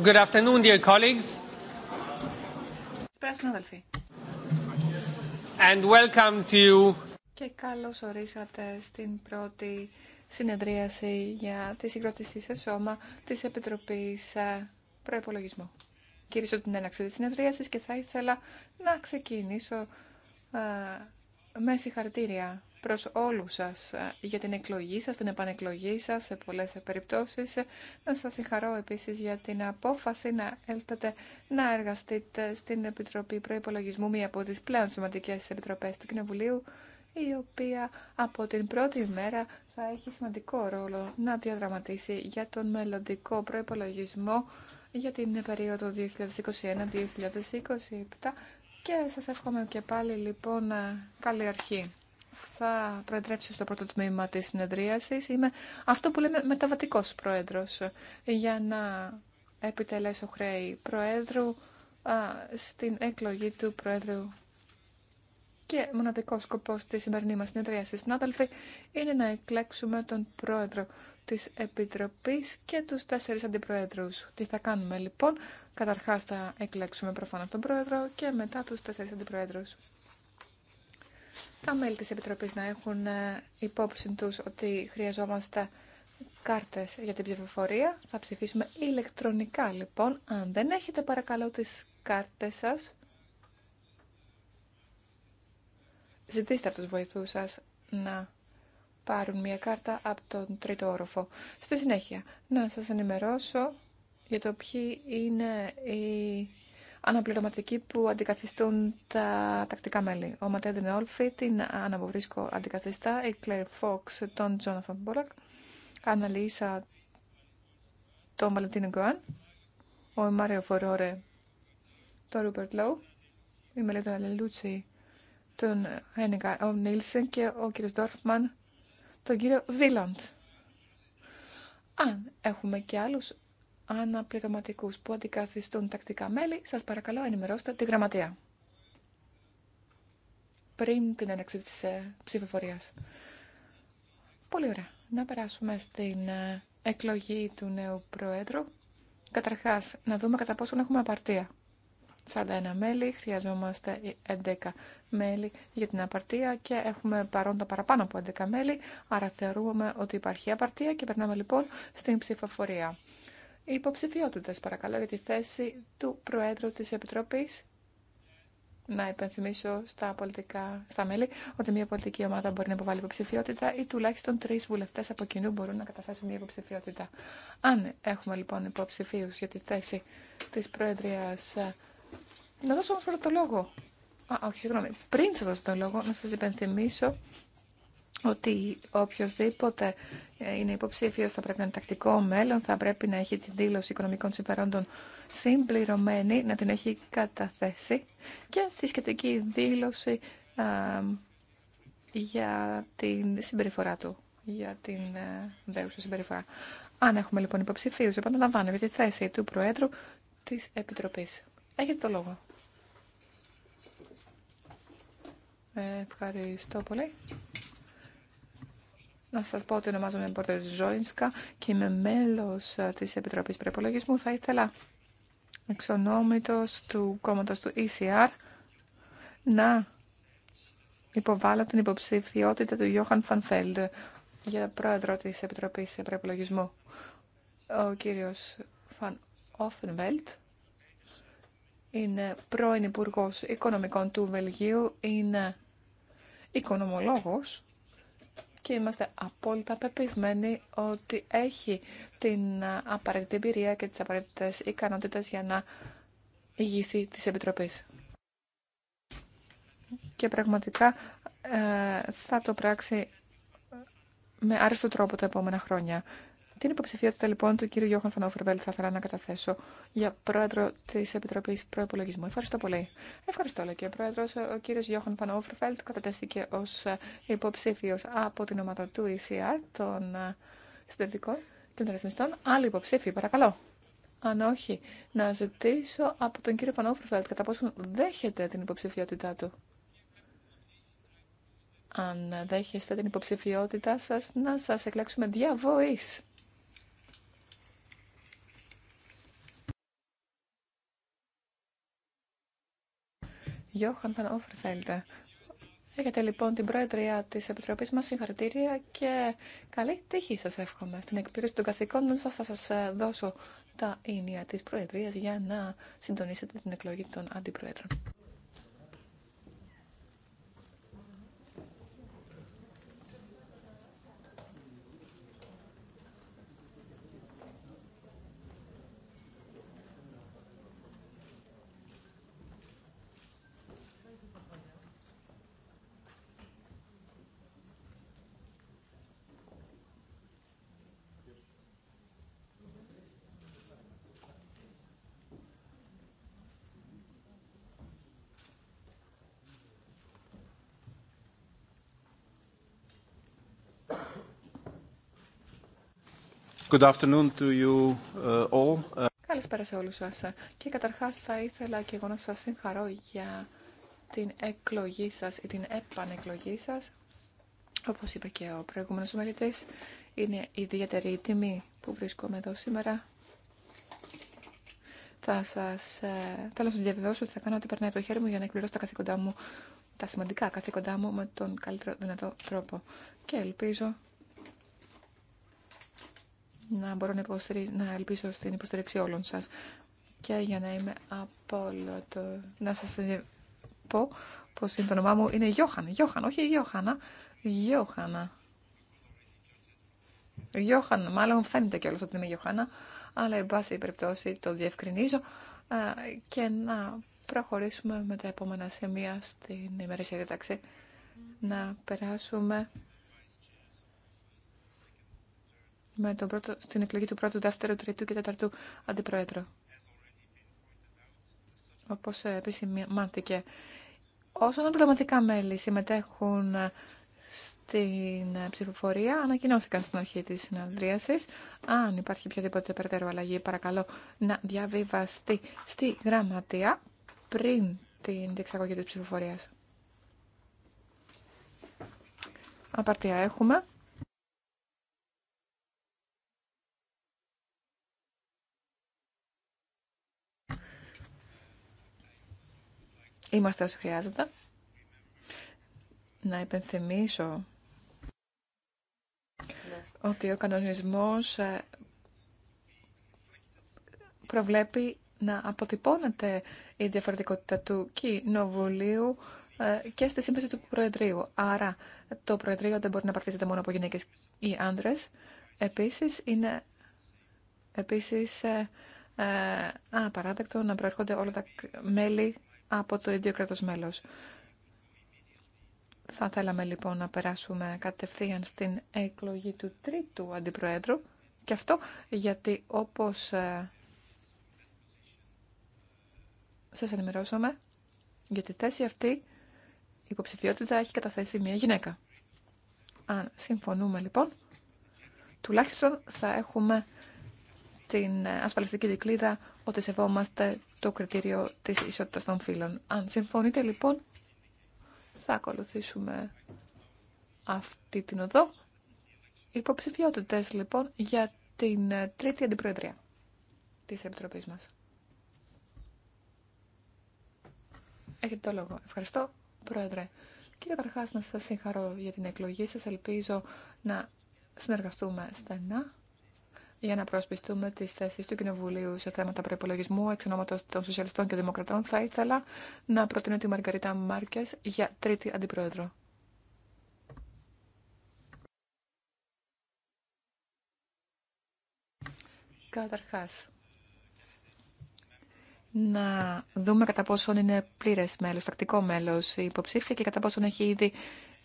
Good afternoon, dear colleagues. And welcome to... Και καλώς ορίσατε στην πρώτη συνεδρίαση για τη συγκρότηση σε σώμα της Επιτροπής ε, Προϋπολογισμού. Κυρίσω την έναξη της συνεδρίασης και θα ήθελα να ξεκινήσω ε, με συγχαρητήρια προς όλους σας ε, για την εκλογή σας, την επανεκλογή σας σε πολλές περιπτώσεις. Να σας συγχαρώ επίσης για την απόφαση να έλθετε να εργαστείτε στην Επιτροπή Προϋπολογισμού, μία από τις πλέον σημαντικές επιτροπές του Κοινοβουλίου, η οποία από την πρώτη μέρα θα έχει σημαντικό ρόλο να διαδραματίσει για τον μελλοντικό προϋπολογισμό για την περίοδο 2021-2027 και σας εύχομαι και πάλι λοιπόν ε, καλή αρχή. Θα προεδρεύσω στο πρώτο τμήμα της συνεδρίασης. Είμαι αυτό που λέμε μεταβατικός πρόεδρος για να επιτελέσω χρέη προέδρου στην εκλογή του πρόεδρου. Και μοναδικό σκοπό τη σημερινή μα συνεδρίαση, συνάδελφοι, είναι να εκλέξουμε τον πρόεδρο τη Επιτροπή και του τέσσερι αντιπροέδρου. Τι θα κάνουμε λοιπόν, Καταρχά θα εκλέξουμε προφανώ τον πρόεδρο και μετά τους τέσσερις αντιπροέδρους. Τα μέλη της Επιτροπής να έχουν ε, υπόψη του ότι χρειαζόμαστε κάρτες για την ψηφοφορία. Θα ψηφίσουμε ηλεκτρονικά λοιπόν. Αν δεν έχετε παρακαλώ τις κάρτες σας, ζητήστε από τους βοηθού σας να πάρουν μια κάρτα από τον τρίτο όροφο. Στη συνέχεια, να σας ενημερώσω για το ποιοι είναι οι αναπληρωματικοί που αντικαθιστούν τα τακτικά μέλη. Ο Ματέν Ντενεόλφη, την αναποβρίσκω αντικαθιστά, η Κλέρ Φόξ, τον Τζόναθαν Μπόρακ, αναλύσα τον Βαλεντίνο Γκοάν, ο Μάριο Φορόρε, τον Ρούπερτ Λόου, η Μελέτα Αλελούτσι, τον Ένικα Νίλσεν και ο κύριο Ντόρφμαν, τον κύριο Βίλαντ. Αν έχουμε και άλλους αναπληρωματικούς που αντικαθιστούν τακτικά μέλη, σας παρακαλώ ενημερώστε τη γραμματεία. Πριν την έναξη της ε, ψηφοφορίας. Πολύ ωραία. Να περάσουμε στην ε, εκλογή του νέου Προέδρου. Καταρχάς, να δούμε κατά πόσον έχουμε απαρτία. 41 μέλη, χρειαζόμαστε 11 μέλη για την απαρτία και έχουμε παρόντα παραπάνω από 11 μέλη, άρα θεωρούμε ότι υπάρχει απαρτία και περνάμε λοιπόν στην ψηφοφορία. Οι υποψηφιότητες, παρακαλώ, για τη θέση του Προέδρου της Επιτροπής. Να υπενθυμίσω στα, πολιτικά, στα μέλη ότι μια πολιτική ομάδα μπορεί να υποβάλει υποψηφιότητα ή τουλάχιστον τρει βουλευτέ από κοινού μπορούν να καταστάσουν μια υποψηφιότητα. Αν έχουμε λοιπόν υποψηφίου για τη θέση τη Προεδρία. Ε, να δώσω όμω πρώτα το λόγο. Α, όχι, συγγνώμη. Πριν σα δώσω το λόγο, να σα υπενθυμίσω ότι οποιοδήποτε ε, είναι υποψήφιο θα πρέπει να είναι τακτικό μέλλον, θα πρέπει να έχει την δήλωση οικονομικών συμφερόντων συμπληρωμένη, να την έχει καταθέσει και τη σχετική δήλωση για την συμπεριφορά του, για την ε, δέουσα συμπεριφορά. Αν έχουμε λοιπόν υποψηφίου, για τη θέση του Προέδρου της Επιτροπής. Έχετε το λόγο. Ε, ευχαριστώ πολύ. Να σα πω ότι ονομάζομαι Μπορτερ Ζόινσκα και είμαι μέλος ε, της επιτροπή Προπολογισμού. Θα ήθελα εξονόμητος του κόμματο του ECR να υποβάλλω την υποψηφιότητα του Γιώχαν Φανφέλντ για πρόεδρο της επιτροπή Προπολογισμού. Ο κύριος Φαν Όφενβελτ είναι πρώην Υπουργό Οικονομικών του Βελγίου, είναι οικονομολόγος και είμαστε απόλυτα πεπισμένοι ότι έχει την απαραίτητη εμπειρία και τις απαραίτητες ικανότητες για να ηγηθεί της Επιτροπής. Και πραγματικά ε, θα το πράξει με άριστο τρόπο τα επόμενα χρόνια. Την υποψηφιότητα λοιπόν του κύριου Γιώχαν Φανόφερβελ θα ήθελα να καταθέσω για πρόεδρο τη Επιτροπή Προπολογισμού. Ευχαριστώ πολύ. Ευχαριστώ, λέει και ο πρόεδρο. Ο κύριο Γιώχαν Φανόφερβελ κατατέθηκε ω υποψήφιο από την ομάδα του ECR των ε, συντερτικών και των Άλλοι υποψήφοι, παρακαλώ. Αν όχι, να ζητήσω από τον κύριο Φανόφερβελ κατά πόσον δέχεται την υποψηφιότητά του. Αν δέχεστε την υποψηφιότητά σας, να σας εκλέξουμε διαβοής. Γιώχαν Βαν Όφερφέλτε. Έχετε λοιπόν την Πρόεδρια τη Επιτροπή μα συγχαρητήρια και καλή τύχη σα εύχομαι. Στην εκπλήρωση των καθηκόντων σα θα σα ε, δώσω τα ίνια τη Προεδρία για να συντονίσετε την εκλογή των αντιπροέδρων. Good afternoon to you uh, all. Καλησπέρα σε όλους σας. Και καταρχάς θα ήθελα και εγώ να σας συγχαρώ για την εκλογή σας ή την επανεκλογή σας. Όπως είπε και ο προηγούμενος ομιλητής, είναι ιδιαίτερη η τιμή που βρίσκομαι εδώ σήμερα. Θα σας, ε, θέλω να σας διαβεβαιώσω ότι θα κάνω ό,τι περνάει από το χέρι μου για να εκπληρώσω τα καθήκοντά μου, τα σημαντικά καθήκοντά μου με τον καλύτερο δυνατό τρόπο. Και ελπίζω να μπορώ να, να ελπίσω στην υποστήριξη όλων σας. Και για να είμαι απόλυτο, να σας πω πως είναι το όνομά μου είναι Γιώχαν. Γιώχαν, όχι Γιώχανα. Γιώχανα. Γιώχαν, μάλλον φαίνεται και όλο ότι είμαι Γιώχανα, αλλά εν πάση περιπτώσει το διευκρινίζω ε, και να προχωρήσουμε με τα επόμενα σημεία στην ημερήσια διάταξη. Να περάσουμε με πρώτο, στην εκλογή του πρώτου, δεύτερου, τρίτου και τέταρτου αντιπρόεδρου. Όπως επισημάνθηκε. Όσο τα πληρωματικά μέλη συμμετέχουν στην ψηφοφορία, ανακοινώθηκαν στην αρχή της συναντρίασης. Αν υπάρχει οποιαδήποτε περαιτέρω αλλαγή, παρακαλώ να διαβιβαστεί στη γραμματεία πριν την διεξαγωγή της ψηφοφορίας. Απαρτία έχουμε. Είμαστε όσο χρειάζεται. Να υπενθυμίσω ότι ο κανονισμός ε, προβλέπει να αποτυπώνεται η διαφορετικότητα του κοινοβουλίου ε, και στη σύμβαση του Προεδρείου. Άρα το Προεδρείο δεν μπορεί να παρτίζεται μόνο από γυναίκες ή άντρες. Επίσης είναι επίσης, ε, απαράδεκτο να προέρχονται όλα τα μέλη από το ίδιο κράτος μέλος. Θα θέλαμε λοιπόν να περάσουμε κατευθείαν στην εκλογή του τρίτου αντιπροέδρου και αυτό γιατί όπως ε, σας ενημερώσαμε για τη θέση αυτή η υποψηφιότητα έχει καταθέσει μια γυναίκα. Αν συμφωνούμε λοιπόν, τουλάχιστον θα έχουμε την ε, ασφαλιστική δικλίδα ότι σεβόμαστε το κριτήριο της ισότητας των φύλων. Αν συμφωνείτε λοιπόν, θα ακολουθήσουμε αυτή την οδό. Υποψηφιότητε λοιπόν για την ε, τρίτη αντιπροεδρία της Επιτροπής μας. Έχετε το λόγο. Ευχαριστώ, Πρόεδρε. Και καταρχάς να σας συγχαρώ για την εκλογή σας. Ελπίζω να συνεργαστούμε στενά για να προασπιστούμε τι θέσει του Κοινοβουλίου σε θέματα προπολογισμού εξ ονόματο των Σοσιαλιστών και Δημοκρατών, θα ήθελα να προτείνω τη Μαργαρίτα Μάρκε για τρίτη αντιπρόεδρο. Καταρχά. να δούμε κατά πόσον είναι πλήρε μέλο, τακτικό μέλο η υποψήφια και κατά πόσον έχει ήδη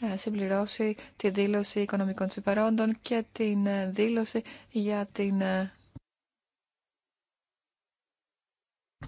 ε, συμπληρώσει τη δήλωση οικονομικών συμφερόντων και την ε, δήλωση για την ε,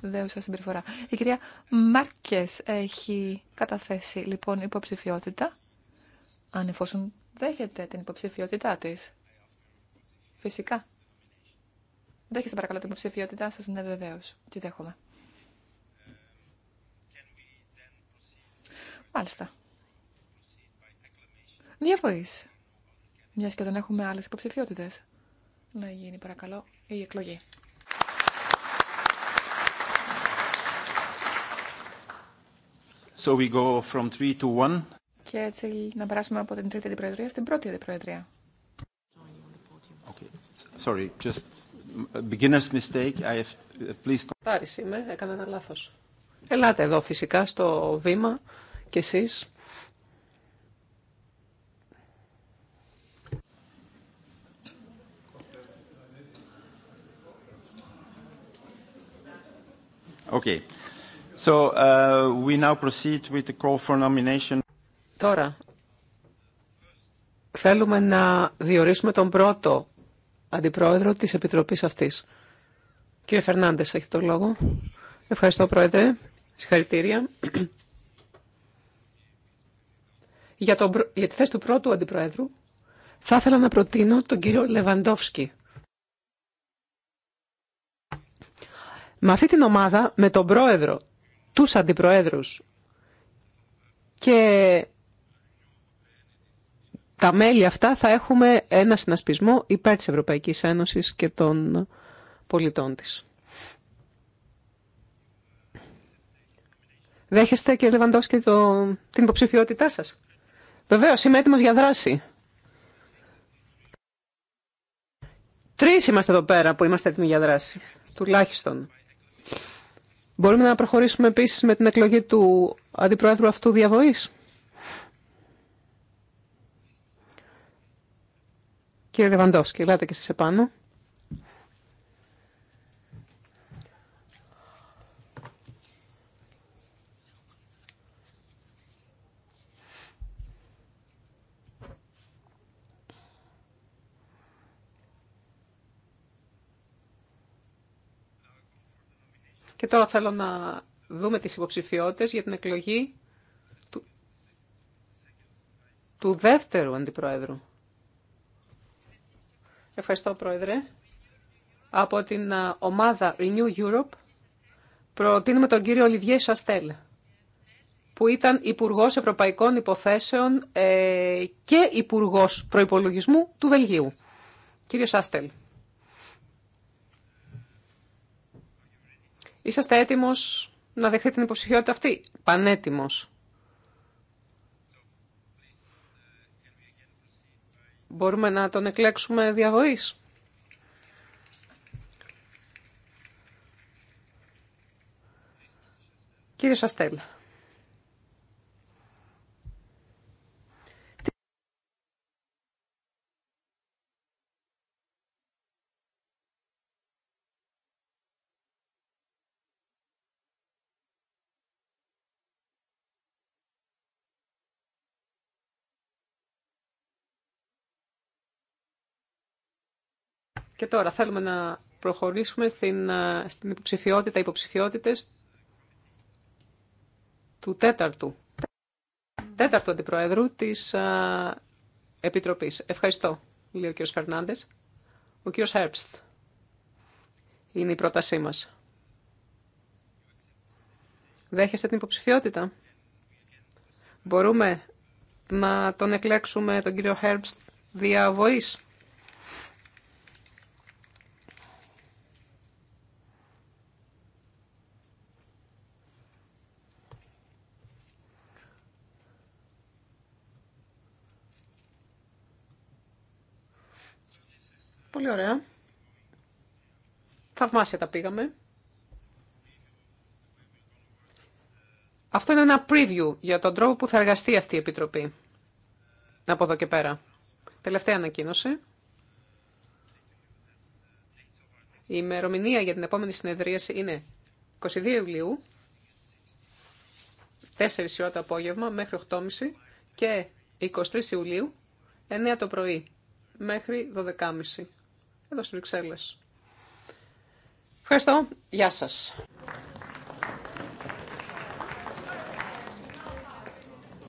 δέουσα συμπεριφορά. Η κυρία Μάρκες έχει καταθέσει λοιπόν υποψηφιότητα, αν εφόσον δέχεται την υποψηφιότητά της. Φυσικά. Δέχεστε παρακαλώ την υποψηφιότητά σας, ναι βεβαίως. Τι δέχομαι. Μάλιστα διαβοής. Μιας και δεν έχουμε άλλες υποψηφιότητε. Να γίνει παρακαλώ η εκλογή. So we go from three to one. Και έτσι να περάσουμε από την τρίτη αντιπροεδρία στην πρώτη αντιπροεδρία. Okay. Sorry, just beginner's mistake. I have... Please... Τάρης είμαι, έκανα ένα λάθος. Ελάτε εδώ φυσικά στο βήμα και εσείς. Okay. So, uh, Τώρα, θέλουμε να διορίσουμε τον πρώτο αντιπρόεδρο της Επιτροπής αυτής. Κύριε Φερνάντες, έχει το λόγο. Ευχαριστώ, Πρόεδρε. Συγχαρητήρια. Για, τον, για τη θέση του πρώτου αντιπρόεδρου, θα ήθελα να προτείνω τον κύριο Λεβαντόφσκι. Με αυτή την ομάδα, με τον πρόεδρο, τους αντιπροέδρους και τα μέλη αυτά θα έχουμε ένα συνασπισμό υπέρ της Ευρωπαϊκής Ένωσης και των πολιτών της. Δέχεστε και και το, την υποψηφιότητά σας. Βεβαίω, είμαι έτοιμος για δράση. Τρεις είμαστε εδώ πέρα που είμαστε έτοιμοι για δράση, τουλάχιστον. Μπορούμε να προχωρήσουμε επίσης με την εκλογή του αντιπρόεδρου αυτού διαβοής. Κύριε Λεβαντόφσκι, ελάτε και εσείς επάνω. Και τώρα θέλω να δούμε τις υποψηφιότητες για την εκλογή του, του δεύτερου αντιπρόεδρου. Ευχαριστώ, Πρόεδρε. Από την ομάδα Renew Europe προτείνουμε τον κύριο Ολιβιέ Σαστέλ, που ήταν Υπουργό Ευρωπαϊκών Υποθέσεων ε, και Υπουργό Προπολογισμού του Βελγίου. Κύριε Σαστέλ. Είσαστε έτοιμος να δεχτείτε την υποψηφιότητα αυτή. Πανέτοιμος. Μπορούμε να τον εκλέξουμε διαβοής. Κύριε Σαστέλ. Και τώρα θέλουμε να προχωρήσουμε στην, ε, στην υποψηφιότητα, υποψηφιότητες του τέταρτου, τέταρτου αντιπροεδρού της επιτροπη Επιτροπής. Ευχαριστώ, λέει ο κύριος Φερνάντες. Ο κύριος Herbst είναι η πρότασή μας. Δέχεστε την υποψηφιότητα. Μπορούμε να τον εκλέξουμε τον κύριο Herbst δια Πολύ ωραία. Θαυμάσια τα πήγαμε. Αυτό είναι ένα preview για τον τρόπο που θα εργαστεί αυτή η Επιτροπή. Από εδώ και πέρα. Τελευταία ανακοίνωση. Η ημερομηνία για την επόμενη συνεδρίαση είναι 22 Ιουλίου, 4 ώρα το απόγευμα μέχρι 8.30 και 23 Ιουλίου, 9 το πρωί μέχρι 12.30 εδώ στις Βρυξέλλες. Ευχαριστώ. Γεια σας.